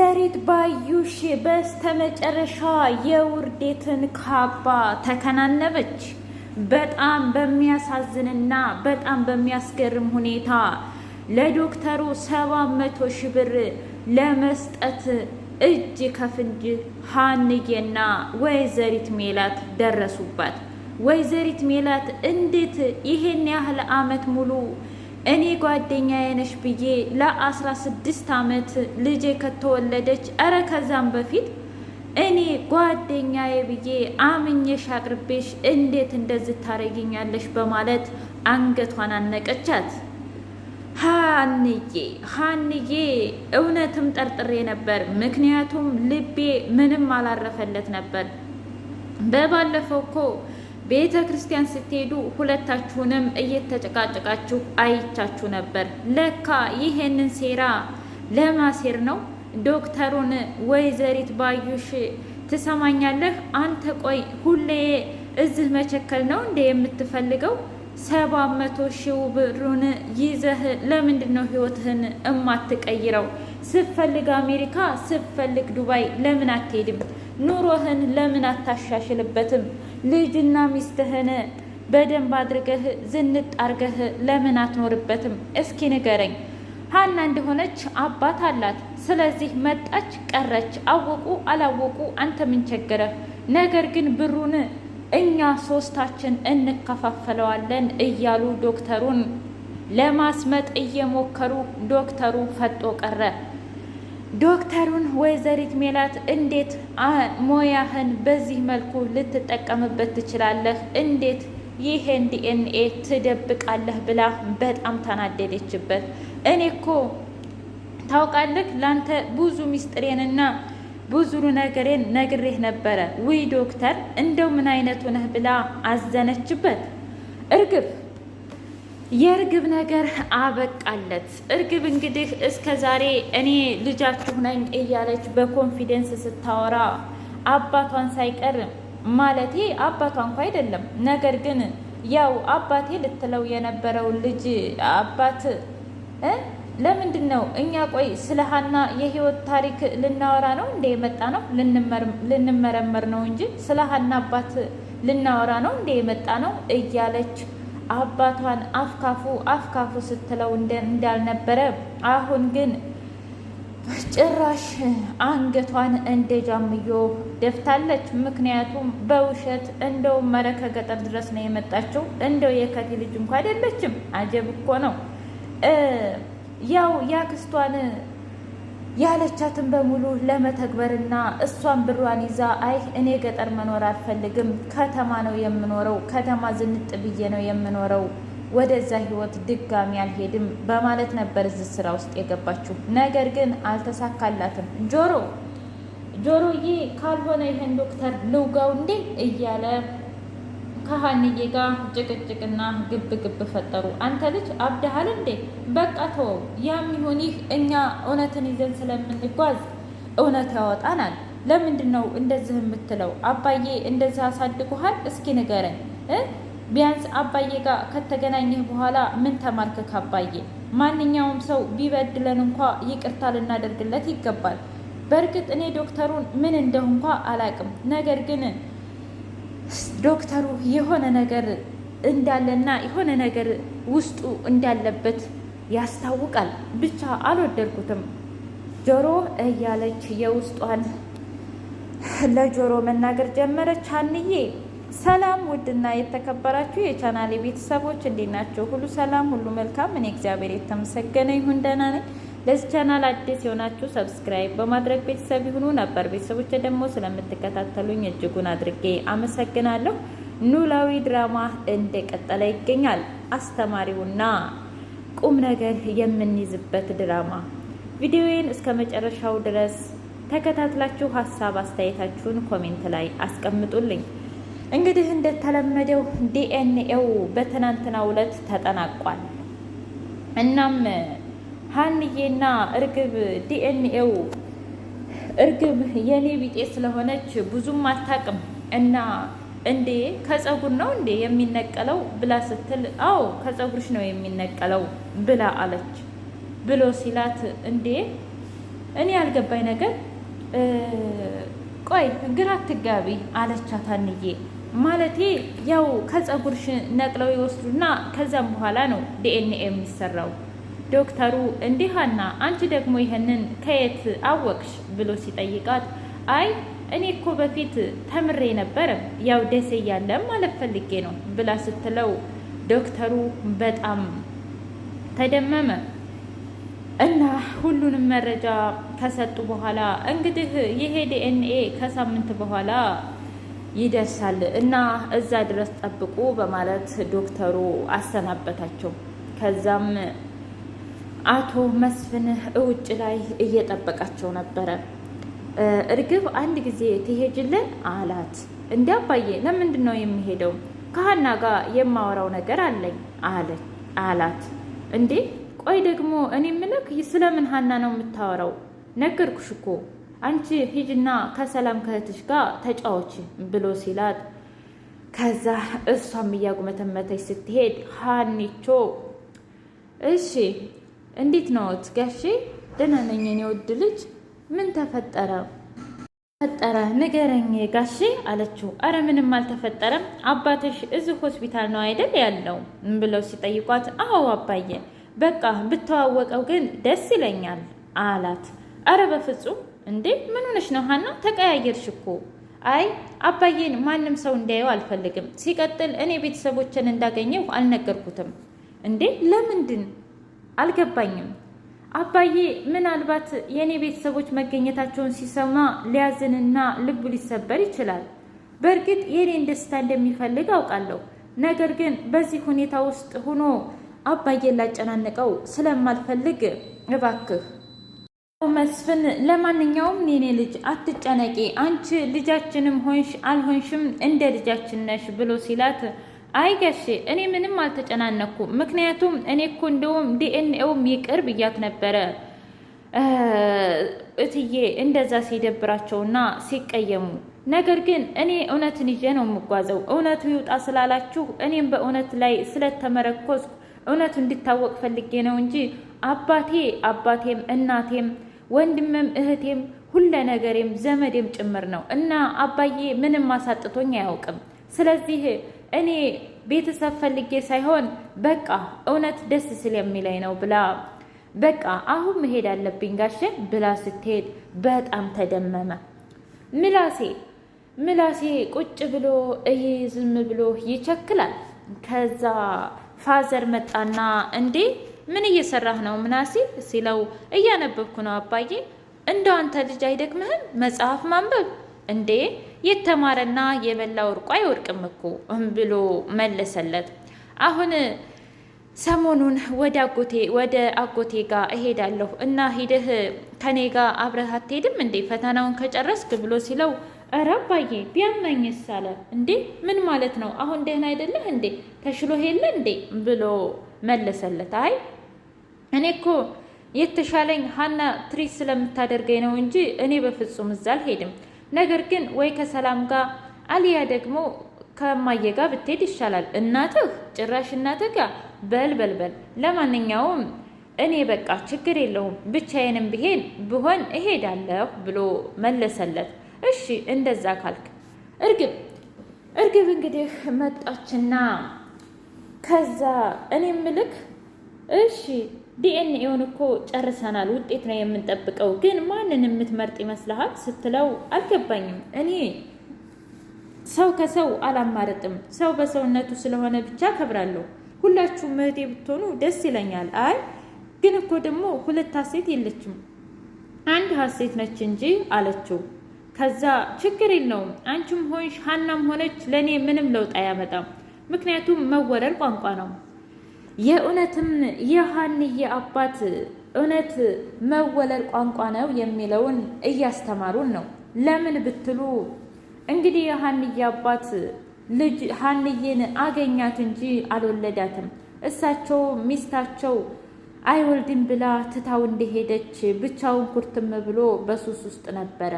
ወይዘሪት ባዩሽ በስተመጨረሻ የውርዴትን ካባ ተከናነበች። በጣም በሚያሳዝንና በጣም በሚያስገርም ሁኔታ ለዶክተሩ ሰባት መቶ ሺህ ብር ለመስጠት እጅ ከፍንጅ ሀንጌና ወይዘሪት ሜላት ደረሱባት። ወይዘሪት ሜላት እንዴት ይሄን ያህል አመት ሙሉ እኔ ጓደኛዬ ነሽ ብዬ ለአስራ ስድስት ዓመት ልጄ ከተወለደች እረ ከዛም በፊት እኔ ጓደኛዬ ብዬ አምኜሽ አቅርቤሽ እንዴት እንደዚህ ታረጊኛለሽ? በማለት አንገቷን አነቀቻት። ሀንዬ ሀንዬ እውነትም ጠርጥሬ ነበር፣ ምክንያቱም ልቤ ምንም አላረፈለት ነበር። በባለፈው እኮ ቤተ ክርስቲያን ስትሄዱ ሁለታችሁንም እየተጨቃጨቃችሁ አይቻችሁ ነበር። ለካ ይሄንን ሴራ ለማሴር ነው። ዶክተሩን ወይዘሪት ባዩሽ ትሰማኛለህ አንተ? ቆይ ሁሌ እዚህ መቸከል ነው እንደ የምትፈልገው? ሰባት መቶ ሺህ ብሩን ይዘህ ለምንድን ነው ህይወትህን እማትቀይረው? ስትፈልግ አሜሪካ ስፈልግ ዱባይ ለምን አትሄድም? ኑሮህን ለምን አታሻሽልበትም? ልጅና ሚስትህን በደንብ አድርገህ ዝንጥ አርገህ ለምን አትኖርበትም? እስኪ ንገረኝ። ሀና እንደሆነች አባት አላት። ስለዚህ መጣች ቀረች፣ አወቁ አላወቁ አንተ ምን ቸገረህ? ነገር ግን ብሩን እኛ ሶስታችን እንከፋፈለዋለን እያሉ ዶክተሩን ለማስመጥ እየሞከሩ ዶክተሩ ፈጦ ቀረ። ዶክተሩን ወይዘሪት ሜላት እንዴት ሞያህን በዚህ መልኩ ልትጠቀምበት ትችላለህ? እንዴት ይህን ዲኤንኤ ትደብቃለህ? ብላ በጣም ታናደደችበት። እኔ እኮ ታውቃለህ ላንተ ብዙ ሚስጥሬንና ብዙ ነገሬን ነግሬህ ነበረ። ውይ ዶክተር እንደው ምን አይነቱ ነህ? ብላ አዘነችበት እርግብ የእርግብ ነገር አበቃለት። እርግብ እንግዲህ እስከ ዛሬ እኔ ልጃችሁ ነኝ እያለች በኮንፊደንስ ስታወራ አባቷን ሳይቀር ማለቴ አባቷ እንኳ አይደለም፣ ነገር ግን ያው አባቴ ልትለው የነበረው ልጅ አባት ለምንድን ነው እኛ ቆይ ስለ ሀና የህይወት ታሪክ ልናወራ ነው እንደ የመጣ ነው ልንመረመር ነው እንጂ ስለ ሀና አባት ልናወራ ነው እንደ የመጣ ነው እያለች አባቷን አፍካፉ አፍካፉ ስትለው እንዳልነበረ አሁን ግን ጭራሽ አንገቷን እንደ ጃምዮ ደፍታለች። ምክንያቱም በውሸት እንደው መረ ከገጠር ድረስ ነው የመጣችው። እንደው የከቲ ልጅ እንኳ አይደለችም። አጀብ እኮ ነው። ያው ያክስቷን ያለቻትን በሙሉ ለመተግበርና እሷን ብሯን ይዛ አይ እኔ ገጠር መኖር አልፈልግም፣ ከተማ ነው የምኖረው፣ ከተማ ዝንጥ ብዬ ነው የምኖረው፣ ወደዛ ህይወት ድጋሚ አልሄድም በማለት ነበር እዚህ ስራ ውስጥ የገባችው። ነገር ግን አልተሳካላትም። ጆሮ ጆሮዬ ካልሆነ ይህን ዶክተር ልውጋው እንዴ እያለ ከሀንዬ ጋር ጭቅጭቅና ግብ ግብ ፈጠሩ። አንተ ልጅ አብደሃል እንዴ? በቃ ተወው። ያም ይሁን ይህ እኛ እውነትን ይዘን ስለምንጓዝ እውነት ያወጣናል። ለምንድን ነው እንደዚህ የምትለው? አባዬ እንደዚህ አሳድጎሃል? እስኪ ንገረኝ። ቢያንስ አባዬ ጋር ከተገናኘህ በኋላ ምን ተማርክ ካባዬ? ማንኛውም ሰው ቢበድለን እንኳ ይቅርታ ልናደርግለት ይገባል። በእርግጥ እኔ ዶክተሩን ምን እንደሁ እንኳ አላቅም፣ ነገር ግን ዶክተሩ የሆነ ነገር እንዳለና የሆነ ነገር ውስጡ እንዳለበት ያስታውቃል። ብቻ አልወደድኩትም። ጆሮ እያለች የውስጧን ለጆሮ መናገር ጀመረች። አንዬ ሰላም ውድና የተከበራችሁ የቻናሌ ቤተሰቦች እንዴት ናቸው? ሁሉ ሰላም፣ ሁሉ መልካም። እኔ እግዚአብሔር የተመሰገነ ይሁን ደህና ነኝ። ለዚህ ቻናል አዲስ የሆናችሁ ሰብስክራይብ በማድረግ ቤተሰብ ይሁኑ። ነበር ቤተሰቦች ደግሞ ስለምትከታተሉኝ እጅጉን አድርጌ አመሰግናለሁ። ኖላዊ ድራማ እንደቀጠለ ይገኛል። አስተማሪውና ቁም ነገር የምንይዝበት ድራማ ቪዲዮዬን እስከ መጨረሻው ድረስ ተከታትላችሁ ሀሳብ አስተያየታችሁን ኮሜንት ላይ አስቀምጡልኝ። እንግዲህ እንደተለመደው ዲኤንኤው በትናንትናው ዕለት ተጠናቋል። እናም ሀንዬና እርግብ ዲኤንኤው እርግብ የኔ ቢጤ ስለሆነች ብዙም አታውቅም እና እንዴ ከፀጉር ነው እንዴ የሚነቀለው ብላ ስትል አዎ ከፀጉርሽ ነው የሚነቀለው ብላ አለች ብሎ ሲላት እንዴ እኔ ያልገባኝ ነገር ቆይ ግራ አትጋቢ አለቻት ሀንዬ ማለቴ ያው ከፀጉርሽ ነቅለው ይወስዱና ከዛም በኋላ ነው ዲኤንኤ የሚሰራው ዶክተሩ እንዲህ አንቺ ደግሞ ይህንን ከየት አወቅሽ ብሎ ሲጠይቃት አይ እኔ እኮ በፊት ተምሬ ነበር ያው ደሴ እያለም ማለት ፈልጌ ነው ብላ ስትለው ዶክተሩ በጣም ተደመመ እና ሁሉንም መረጃ ከሰጡ በኋላ እንግዲህ ይሄ ዲኤንኤ ከሳምንት በኋላ ይደርሳል እና እዛ ድረስ ጠብቁ በማለት ዶክተሩ አሰናበታቸው። ከዛም አቶ መስፍን እውጭ ላይ እየጠበቃቸው ነበረ። እርግብ አንድ ጊዜ ትሄጅልን አላት። እንዲ አባዬ ለምንድን ነው የሚሄደው? ከሀና ጋር የማወራው ነገር አለኝ አለ አላት። እንዴ ቆይ ደግሞ እኔ ምልክ ስለምን ሀና ነው የምታወራው? ነገርኩሽ እኮ አንቺ ሂጅና ከሰላም ከእህትሽ ጋር ተጫዎች ብሎ ሲላት፣ ከዛ እሷም እያጉመተመተች ስትሄድ ሀኒቾ እሺ እንዴት ነዎት ጋሼ? ደህና ነኝ የኔ ውድ ልጅ። ምን ተፈጠረ ተፈጠረ? ንገረኝ ጋሼ አለችው። አረ ምንም አልተፈጠረም። አባትሽ እዚህ ሆስፒታል ነው አይደል ያለው ብለው ሲጠይቋት፣ አዎ አባዬ፣ በቃ ብተዋወቀው ግን ደስ ይለኛል አላት። አረ በፍጹም እንዴ! ምን ሆነሽ ነው ሀና? ተቀያየርሽ እኮ አይ አባዬን ማንም ሰው እንዲያየው አልፈልግም። ሲቀጥል እኔ ቤተሰቦችን እንዳገኘው አልነገርኩትም። እንዴ ለምንድን አልገባኝም። አባዬ ምናልባት የእኔ ቤተሰቦች መገኘታቸውን ሲሰማ ሊያዝንና ልቡ ሊሰበር ይችላል። በእርግጥ የእኔን ደስታ እንደሚፈልግ አውቃለሁ። ነገር ግን በዚህ ሁኔታ ውስጥ ሆኖ አባዬን ላጨናንቀው ስለማልፈልግ እባክህ መስፍን፣ ለማንኛውም የኔ ልጅ አትጨነቂ፣ አንቺ ልጃችንም ሆንሽ አልሆንሽም እንደ ልጃችን ነሽ ብሎ ሲላት አይ እኔ ምንም አልተጨናነኩ። ምክንያቱም እኔ እኮ እንደውም ዲኤንኤውም ይቅር ብያት ነበረ እትዬ እንደዛ ሲደብራቸውና ሲቀየሙ ነገር ግን እኔ እውነትን ይዤ ነው የምጓዘው። እውነቱ ይውጣ ስላላችሁ እኔም በእውነት ላይ ስለተመረኮዝኩ እውነቱ እንዲታወቅ ፈልጌ ነው እንጂ አባቴ አባቴም እናቴም ወንድምም እህቴም ሁለ ነገሬም ዘመዴም ጭምር ነው እና አባዬ ምንም አሳጥቶኝ አያውቅም። ስለዚህ እኔ ቤተሰብ ፈልጌ ሳይሆን በቃ እውነት ደስ ስለሚለኝ ነው ብላ በቃ አሁን መሄድ አለብኝ ጋሼ ብላ ስትሄድ በጣም ተደመመ። ምላሴ ምላሴ ቁጭ ብሎ እይ ዝም ብሎ ይቸክላል። ከዛ ፋዘር መጣና እንዴ ምን እየሰራህ ነው ምናሴ ሲለው እያነበብኩ ነው አባዬ። እንደ አንተ ልጅ አይደክምህም መጽሐፍ ማንበብ እንዴ የተማረና የበላ ወርቆ አይወርቅም እኮ ብሎ መለሰለት። አሁን ሰሞኑን ወደ አጎቴ ወደ አጎቴ ጋር እሄዳለሁ እና ሂደህ ከኔ ጋር አብረህ አትሄድም እንዴ ፈተናውን ከጨረስክ ብሎ ሲለው እረ አባዬ ቢያመኝስ አለ። እንዴ ምን ማለት ነው? አሁን ደህና አይደለህ እንዴ ተሽሎ ሄለ እንዴ ብሎ መለሰለት። አይ እኔ እኮ የተሻለኝ ሀና ትሪት ስለምታደርገኝ ነው እንጂ እኔ በፍጹም እዛ አልሄድም። ነገር ግን ወይ ከሰላም ጋር አሊያ ደግሞ ከማየ ጋር ብትሄድ ይሻላል። እናትህ ጭራሽ እናትህ ጋር በል በል በል። ለማንኛውም እኔ በቃ ችግር የለውም ብቻዬንም ብሄን ብሆን እሄዳለሁ ብሎ መለሰለት። እሺ እንደዛ ካልክ እርግብ እርግብ እንግዲህ መጣችና ከዛ እኔ ምልክ እሺ ዲኤንኤውን እኮ ጨርሰናል፣ ውጤት ነው የምንጠብቀው። ግን ማንን የምትመርጥ ይመስልሃል ስትለው አልገባኝም። እኔ ሰው ከሰው አላማረጥም፣ ሰው በሰውነቱ ስለሆነ ብቻ ከብራለሁ። ሁላችሁም እህቴ ብትሆኑ ደስ ይለኛል። አይ ግን እኮ ደግሞ ሁለት ሀሴት የለችም አንድ ሀሴት ነች እንጂ አለችው። ከዛ ችግር የለውም አንቺም ሆንሽ ሀናም ሆነች ለእኔ ምንም ለውጥ አያመጣም። ምክንያቱም መወረር ቋንቋ ነው። የእውነትም የሀንዬ አባት እውነት መወለድ ቋንቋ ነው የሚለውን እያስተማሩን ነው። ለምን ብትሉ እንግዲህ የሀንዬ አባት ልጅ ሀንዬን አገኛት እንጂ አልወለዳትም። እሳቸው ሚስታቸው አይወልድም ብላ ትታው እንደሄደች ብቻውን ኩርትም ብሎ በሱስ ውስጥ ነበረ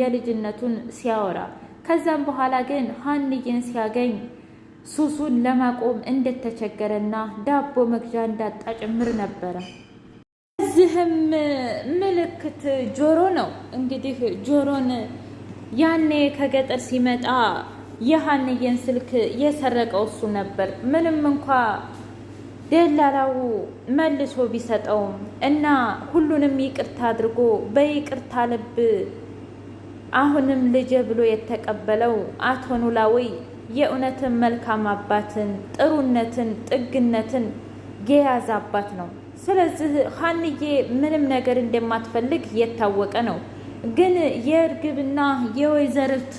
የልጅነቱን ሲያወራ። ከዛም በኋላ ግን ሀንዬን ሲያገኝ ሱሱን ለማቆም እንደተቸገረና ዳቦ መግዣ እንዳጣ ጭምር ነበረ። እዚህም ምልክት ጆሮ ነው። እንግዲህ ጆሮን ያኔ ከገጠር ሲመጣ የሀንዬን ስልክ የሰረቀው እሱ ነበር። ምንም እንኳ ደላላው መልሶ ቢሰጠውም እና ሁሉንም ይቅርታ አድርጎ በይቅርታ ልብ አሁንም ልጄ ብሎ የተቀበለው አቶ ኖላዊ የእውነትን መልካም አባትን ጥሩነትን ጥግነትን የያዘ አባት ነው። ስለዚህ ሀንዬ ምንም ነገር እንደማትፈልግ የታወቀ ነው። ግን የእርግብና የወይዘርት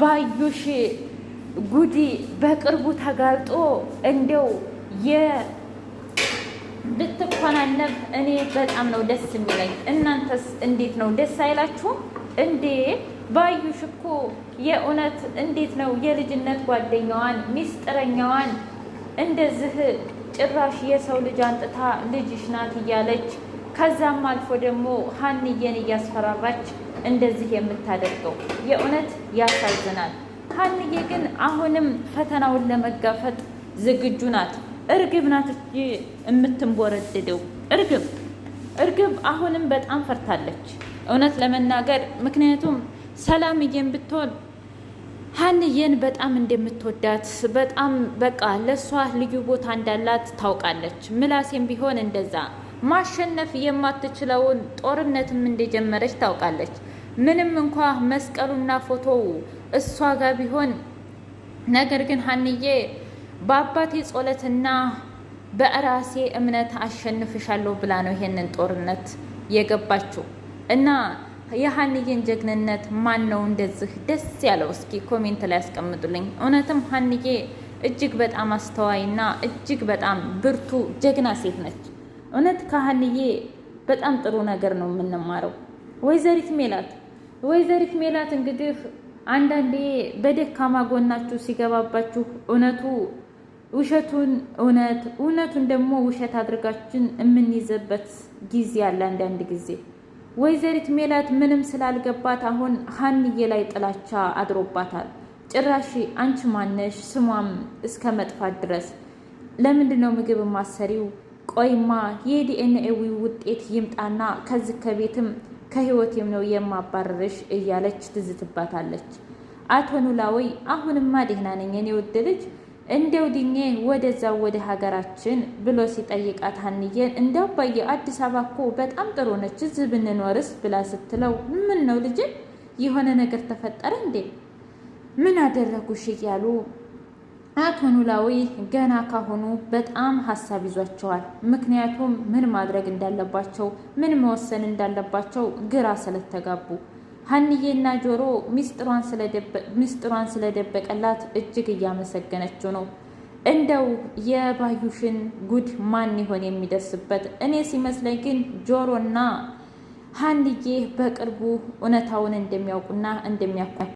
ባዩሽ ጉዲ በቅርቡ ተጋልጦ እንደው ብትኮናነብ እኔ በጣም ነው ደስ የሚለኝ። እናንተስ እንዴት ነው? ደስ አይላችሁም እንዴ? ባዩሽ እኮ የእውነት እንዴት ነው የልጅነት ጓደኛዋን ሚስጥረኛዋን እንደዚህ ጭራሽ የሰው ልጅ አንጥታ ልጅሽ ናት እያለች ከዛም አልፎ ደግሞ ሀንዬን እያስፈራራች እንደዚህ የምታደርገው የእውነት ያሳዝናል። ሀንዬ ግን አሁንም ፈተናውን ለመጋፈጥ ዝግጁ ናት። እርግብ ናት የምትንቦረድደው። እርግብ እርግብ አሁንም በጣም ፈርታለች እውነት ለመናገር ምክንያቱም ሰላምዬን ብትሆን ሀንዬን በጣም እንደምትወዳት በጣም በቃ ለእሷ ልዩ ቦታ እንዳላት ታውቃለች። ምላሴም ቢሆን እንደዛ ማሸነፍ የማትችለውን ጦርነትም እንደጀመረች ታውቃለች። ምንም እንኳ መስቀሉና ፎቶው እሷ ጋር ቢሆን ነገር ግን ሀንዬ በአባቴ ጸሎትና በራሴ እምነት አሸንፍሻለሁ ብላ ነው ይሄንን ጦርነት የገባችው እና የሀንዬን ጀግንነት ማን ነው እንደዚህ ደስ ያለው? እስኪ ኮሜንት ላይ ያስቀምጡልኝ። እውነትም ሀንዬ እጅግ በጣም አስተዋይና እጅግ በጣም ብርቱ ጀግና ሴት ነች። እውነት ከሀንዬ በጣም ጥሩ ነገር ነው የምንማረው። ወይዘሪት ሜላት ወይዘሪት ሜላት እንግዲህ አንዳንዴ በደካማ ጎናችሁ ሲገባባችሁ እውነቱ ውሸቱን እውነት እውነቱን ደግሞ ውሸት አድርጋችን የምንይዘበት ጊዜ አለ አንዳንድ ጊዜ ወይዘሪት ሜላት ምንም ስላልገባት አሁን ሀንዬ ላይ ጥላቻ አድሮባታል። ጭራሽ አንቺ ማነሽ ስሟም እስከ መጥፋት ድረስ ለምንድን ነው ምግብ ማሰሪው? ቆይማ የዲኤንኤዊ ውጤት ይምጣና ከዚህ ከቤትም ከህይወቴም ነው የማባረርሽ እያለች ትዝትባታለች። አቶ ኖላዊ አሁንማ ደህና ነኝ እኔ ውድ ልጅ እንደው ድኜ ወደዛ ወደ ሀገራችን ብሎ ሲጠይቃት ሀንዬን እንደው አባዬ አዲስ አበባ እኮ በጣም ጥሩ ነች እዚህ ብንኖርስ ብላ ስትለው ምን ነው ልጅ የሆነ ነገር ተፈጠረ እንዴ ምን አደረጉሽ እያሉ አቶ ኖላዊ ገና ካሁኑ በጣም ሀሳብ ይዟቸዋል። ምክንያቱም ምን ማድረግ እንዳለባቸው ምን መወሰን እንዳለባቸው ግራ ስለተጋቡ ሀንዬና ጆሮ ሚስጥሯን ስለደበቀላት እጅግ እያመሰገነችው ነው። እንደው የባዩሽን ጉድ ማን ይሆን የሚደርስበት? እኔ ሲመስለኝ ግን ጆሮና ሀንዬ በቅርቡ እውነታውን እንደሚያውቁና እንደሚያኳ